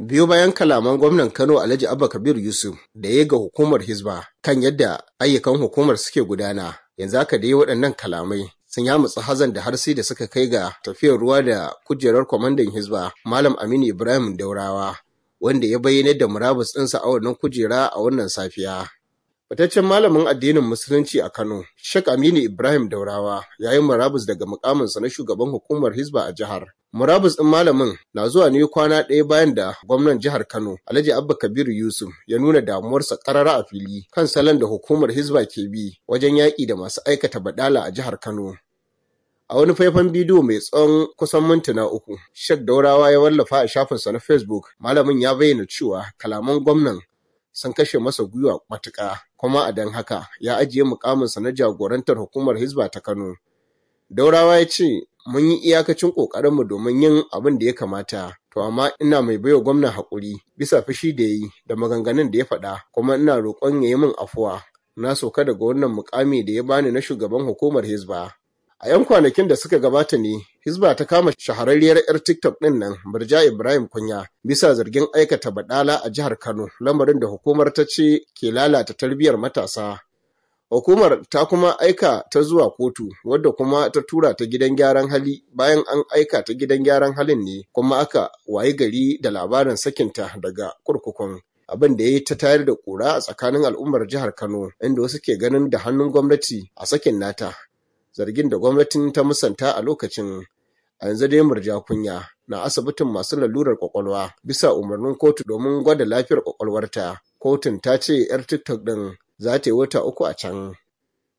biyo bayan kalaman gwamnan Kano Alhaji Abba Kabir Yusuf da ya ga hukumar Hizba kan yadda ayyukan hukumar suke gudana yanzu haka dai waɗannan kalamai sun yamutsa hazan da harsi da suka kai ga tafiyar ruwa da kujerar kwamandan Hizba Malam Aminu Ibrahim Daurawa wanda ya bayyana da murabus ɗinsa a wannan kujera a wannan safiya. Fataccen malamin addinin Musulunci a Kano, Sheikh Aminu Ibrahim Daurawa, ya murabus daga mukaminsa na shugaban hukumar Hizba a jihar. Murabus ɗin malamin na zuwa ne kwana ɗaya bayan da gwamnan jihar Kano, Alhaji Abba Kabiru Yusuf, ya nuna damuwarsa ƙarara a fili kan salon da hukumar Hizba ke bi wajen yaƙi da masu aikata baɗala a jihar Kano. A wani faifan bidiyo mai tsawon kusan mintuna uku, Sheikh Daurawa ya wallafa a shafinsa na Facebook, malamin ya bayyana cewa kalaman gwamnan sun kashe masa gwiwa matuƙa. kuma a dan haka ya ajiye mukaminsa na jagorantar hukumar Hizba ta Kano. Daurawa ya ce, Mun yi iyakacin ƙoƙarinmu domin yin abin da ya kamata, to amma ina mai baiwa gwamna haƙuri bisa fushi da yi da maganganun da ya faɗa, kuma ina roƙon ya yi min afuwa. Na soka daga wannan mukami da ya bani na shugaban hukumar Hizba. A 'yan kwanakin da suka gabata ne, Hizba ta kama shahararriyar 'yar TikTok ɗin nan, Birja Ibrahim Kunya, bisa zargin aikata baɗala a jihar Kano, lamarin da hukumar ta ce ke lalata tarbiyyar matasa. Hukumar ta kuma aika ta zuwa kotu, wadda kuma ta tura ta gidan gyaran hali bayan an aika ta gidan gyaran halin ne, kuma aka wayi gari da labarin sakinta daga kurkukun. abin da ya yi ta tayar da kura a tsakanin al'ummar jihar Kano, inda wasu ke ganin da hannun gwamnati a sakin nata. zargin da gwamnatin ta musanta a lokacin a yanzu dai murja kunya na asibitin masu lalurar kwakwalwa bisa umarnin kotu domin gwada lafiyar kwakwalwarta kotun ta ce 'yar tiktok din za ta yi wata uku a can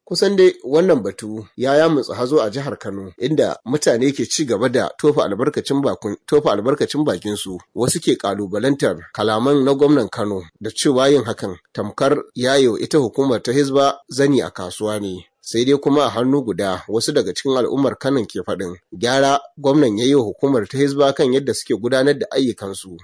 Kusan dai wannan batu ya yamutsa hazo a jihar Kano inda mutane ke ci gaba da tofa albarkacin bakin su wasu ke kalubalantar kalaman na gwamnan Kano da cewa yin hakan tamkar yayo ita hukumar ta Hizba zani a kasuwa ne. sai dai kuma a hannu guda wasu daga cikin al'ummar kanan ke faɗin gyara gwamnan ya yi hukumar ta hizba kan yadda suke gudanar da ayyukansu